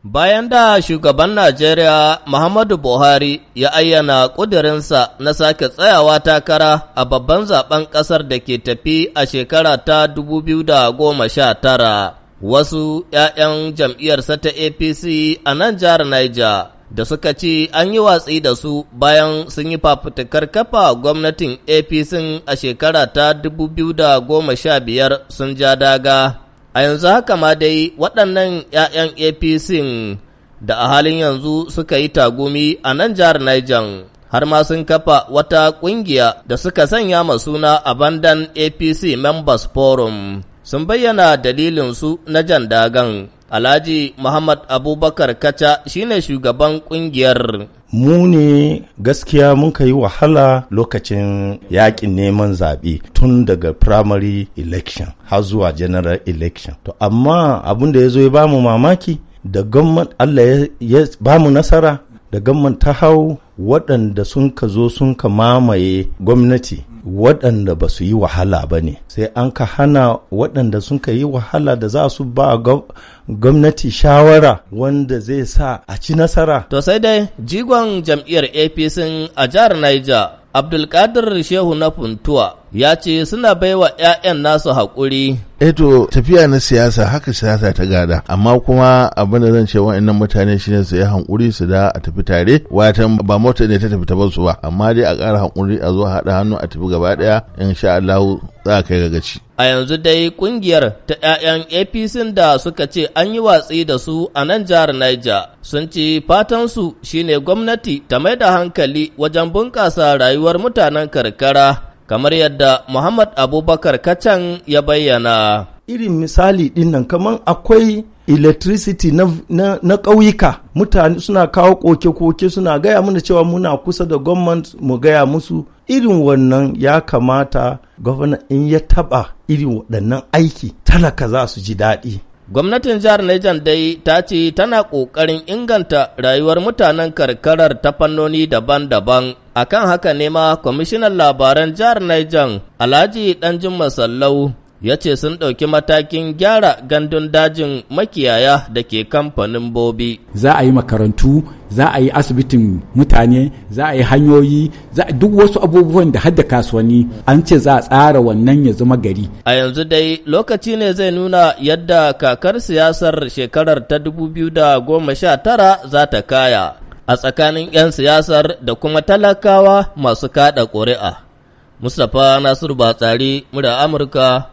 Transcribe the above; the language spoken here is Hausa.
Bayan da shugaban Najeriya Muhammadu Buhari ya ayyana ƙudurinsa na sake tsayawa takara a babban zaben ƙasar da ke tafi a shekara ta 2019, wasu ‘ya'yan jam'iyyarsa ta APC a nan jihar Niger da suka ci an yi watsi da su bayan sun yi fafutukar kafa gwamnatin APC a shekara ta 2015 sun ja daga. A yanzu haka ma dai waɗannan ‘ya'yan APC da a halin yanzu suka yi tagumi a nan jihar Niger har ma sun kafa wata ƙungiya da suka sanya ma suna bandan APC Members Forum sun bayyana dalilinsu na jan dagan. Alhaji Muhammad Abubakar Kacha shine shugaban kungiyar. Mu ne gaskiya mun yi wahala lokacin yakin neman zaɓe tun daga primary election har zuwa general election. To amma abin da ya zo ya bamu mamaki da gwamnan Allah ya bamu nasara da gwamnan ta hau waɗanda sun ka zo sun ka mamaye gwamnati waɗanda ba su yi wahala ba ne sai an ka hana waɗanda sun ka yi wahala da za su ba gwamnati shawara wanda zai sa a ci nasara to sai dai jigon jam'iyyar apc a jihar niger abdulkadir shehu na funtuwa ya ce suna baiwa 'ya'yan nasu haƙuri. Eto eh tafiya na siyasa haka siyasa ta gada amma kuma abin da zan ce wa'annan mutane shine su yi hankuri su da a tafi tare watan ba mota ne ta tafi ta basu ba amma dai a ƙara hankuri a zo haɗa hannu a tafi gaba ɗaya sha Allah za a ga gaci. A yanzu dai kungiyar ta ƴaƴan APC da suka ce an yi watsi da su a nan jihar Niger sun ce su shine gwamnati ta mai da hankali wajen bunƙasa rayuwar mutanen karkara. kamar yadda Muhammad Abubakar Kacan ya bayyana. Irin misali dinnan kamar akwai electricity na, na, na ƙauyuka mutane suna kawo koke-koke suna gaya mana cewa muna kusa da gwamnati mu gaya musu irin wannan ya kamata gwamna in ya taɓa irin waɗannan aiki talaka za su ji daɗi. Gwamnatin jihar Niger dai ta ce tana ƙoƙarin inganta rayuwar mutanen karkarar ta fannoni daban-daban. Akan haka ne ma kwamishinan labaran jihar Niger Alhaji Ɗanjin Masallau ya ce sun ɗauki matakin gyara gandun dajin makiyaya da ke kamfanin bobi. Za a yi makarantu, za a yi asibitin mutane, za a yi hanyoyi, za a duk wasu abubuwan da hadda kasuwanni an ce za a tsara wannan ya zama gari. A yanzu dai lokaci ne zai nuna yadda kakar siyasar shekarar ta 2019 za ta kaya a tsakanin 'yan siyasar da kuma talakawa masu kaɗa ƙuri'a. Mustapha Nasiru Batsari, murya Amurka,